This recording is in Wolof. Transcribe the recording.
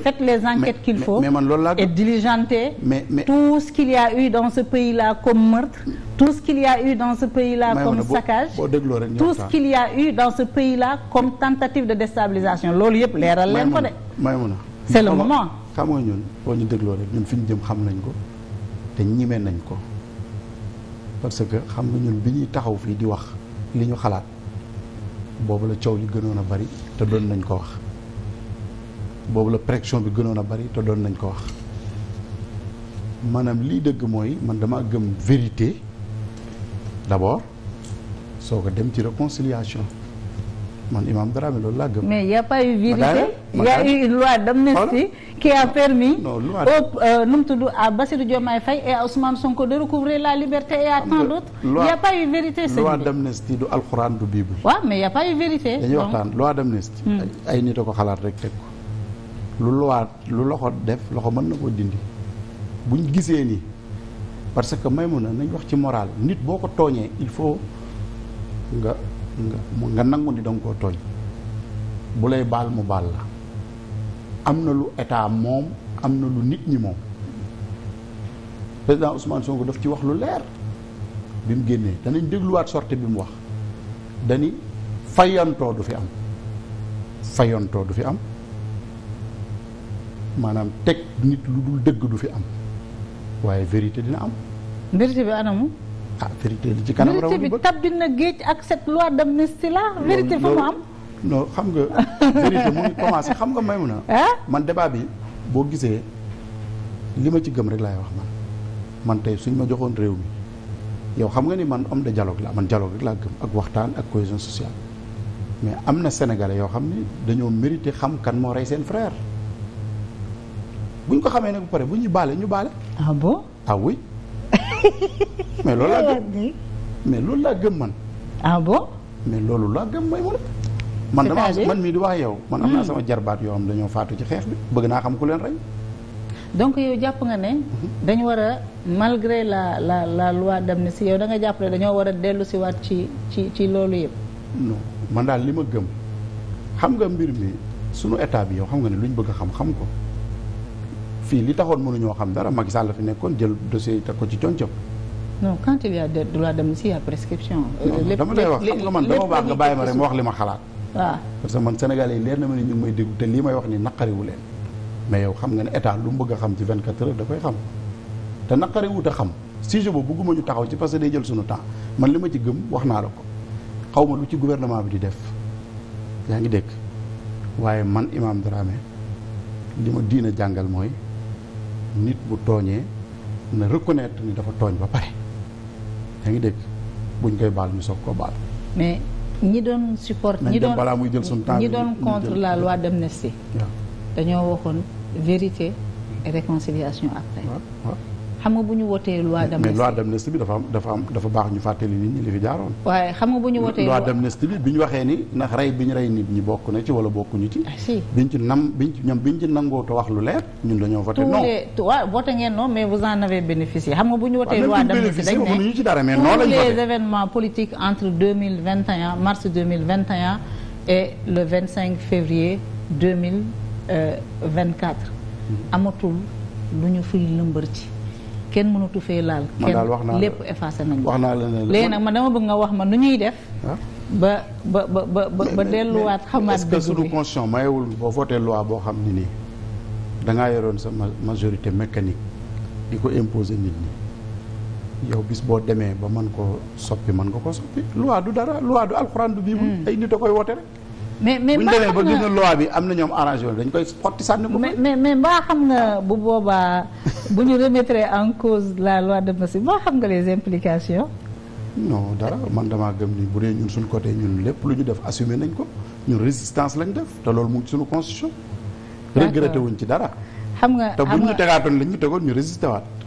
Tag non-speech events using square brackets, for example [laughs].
Faites les enquêtes qu'il faut mais, mais, mais, et diligentez tout ce qu'il y a eu dans ce pays-là comme meurtre, tout ce qu'il y a eu dans ce pays-là comme saccage, tout a eu dans ce pays tentative de déstabilisation loolu yëpp leeral leen ko de. c'est le moment. xam ñun boo ñu dégloo rek ñun fi ñu jëm xam nañ ko te ñime nañ ko parce que xam nga ñun bi ñuy taxaw fii di wax li ñu xalaat boobu la coow li gënoon a bari te doon nañ ko wax. boobu la pression bi gënoon a bari te doon nañ ko wax maanaam lii dëgg mooy man dama gëm vérité d'abord soo ko dem ci réconciliation man Imam Dramé loolu laa gëm. mais y' a pas eu vérité y' a a permis non loi euh, de la liberté et à tant d'autres. vérité. sëñ bi du alxuraan du bible. waaw mais y' a vérité. dañuy waxtaan loi d'amnistie. Hmm. ay nit a ko xalaat rek teg ko. lu lu loxo def loxo mën na koo dindi buñ gisee ni parce que may mun na nañ wax ci moral nit boo ko tooñee il faut nga nga nga nangu ni danga koo tooñ bu lay baal mu baal la am na lu état moom am na lu nit ñi moom président Ousmane Sonko daf ci wax lu leer bi mu génnee danañ dégluwaat sorte bi mu wax dani fayantoo du fi am fayantoo du fi am maanaam teg nit lu dul dëgg du fi am waaye vérité dina am. vérité bi anamu. ah vérité li ci kanam rawatina vérité bi tabbi na géej ak cette loi d'amnistie là. vérité fa mu am non xam nga vérité mu ngi commencé xam nga may mu na. man débat bi boo gisee li ma ci gëm rek laay wax man man suñ ma joxoon réew mi yow xam nga ni man homme de dialogue la man dialogue rek laa gëm ak waxtaan ak cohésion sociale mais am na sénégalais yoo xam ni dañoo mérité xam kan moo rey seen frère. bu ñu ko xamee ne bu pare bu ñuy baale ñu baale. ah bon ah oui. [laughs] mais loolu laa gëm mais loolu laa gëm man. ah bon mais loolu laa gëm may mu man man mii di waa yow. man am naa hmm. sama jarbaat yoo xam dañoo faatu ci xeex bi bëgg naa xam ku leen rek donc yow jàpp nga ne. Mhm. dañu war a malgré la la la loi d'amnistie yow da nga jàpp ne dañoo war a dellu si waat ci ci ci loolu yëpp. non man daal li ma gëm xam nga mbir mi sunu état bi yow xam nga ne ñu bëgg xam xam ko. fii li taxoon mënuñoo xam dara Macky Sall la fi nekkoon jël dossier yi teg ko ci coñcam. non la dem si y euh, dama lay wax xam nga man dama baax nga bàyyi ma rek ma wax li ma xalaat. waaw ah. parce que man sénégalais yi leer na ma ne ñu may déglu te lii may wax ni naqariwu leen mais yow xam nga ne état lu mu bëgg xam ci 24 heures da koy xam te naqariwut a xam sujet boobu bëgguma ñu taxaw ci parce que day jël suñu temps man li ma ci gëm wax naa la ko xaw ma lu ci guvernement bi di def yaa ngi dégg waaye man Imam Dramé li ma diina jàngal mooy nit bu tooñee na reconnaître ni dafa tooñ ba pare yaa ngi dégg buñ koy baal ñu soog ko baal. mais ñi doon support. ñi doon balaa muy jël suñ temps ñi doon contre la ne si dañoo waxoon vérité et réconciliation après. xam nga bu ñu wootee loi d'amnistie mais loi d'amnistie bi dafa am dafa am dafa baax ñu fàttali nit ñi li fi jaaroon. waaye xam nga bu ñu wootee loi d'amnistie bi bi ñu waxee ni ndax rey bi rey nit ñi bokk na ci wala bokkuñu ci. Ah, si biñ ci nam biñ ci ñoom biñ ci wax lu leer ñun dañoo voté non. tous les waaw voté ngeen non mais vous en avez bénéficié xam nga bu ñu wootee loi d'amnistie dañ ne mënuñu ci dara mais non lañ voté les événements politiques entre deux mille vingt le vingt cinq février deux mille euh, vingt quatre mm-hmm. amatul lu ñu fiy lëmbër ci kenn mënatu fee laal. man daal wax naa lépp effacé nañu. wax naa la ne léegi nag man dama bëgg nga wax ma nu ñuy def. Ah. ba ba ba ba ba delluwaat. xamaat est-ce que suñu constitution mayewul boo voté loi boo xam ne nii da ngaa yoroon sa majorité mécanique di ko imposer nit ñi yow boo demee ba mën koo soppi mën nga ko soppi. loi du dara loi du alxuraan du bible. Hmm. ay nit a koy woote rek. mais mais mbaa xam nga bi am na ñoom arrangé woon dañ boobaa. bu ñu remettre en cause la loi de Massi boo xam nga les implications. non dara man damaa gëm ni bu dee ñun suñ côté ñun lépp lu ñu def assumer nañ ko ñun résistance lañ def te loolu mu ngi suñu constitution. regretté wuñ ci dara. xam nga te bu ñu tegaatoon lañ ñu tegoon ñu résisté waat.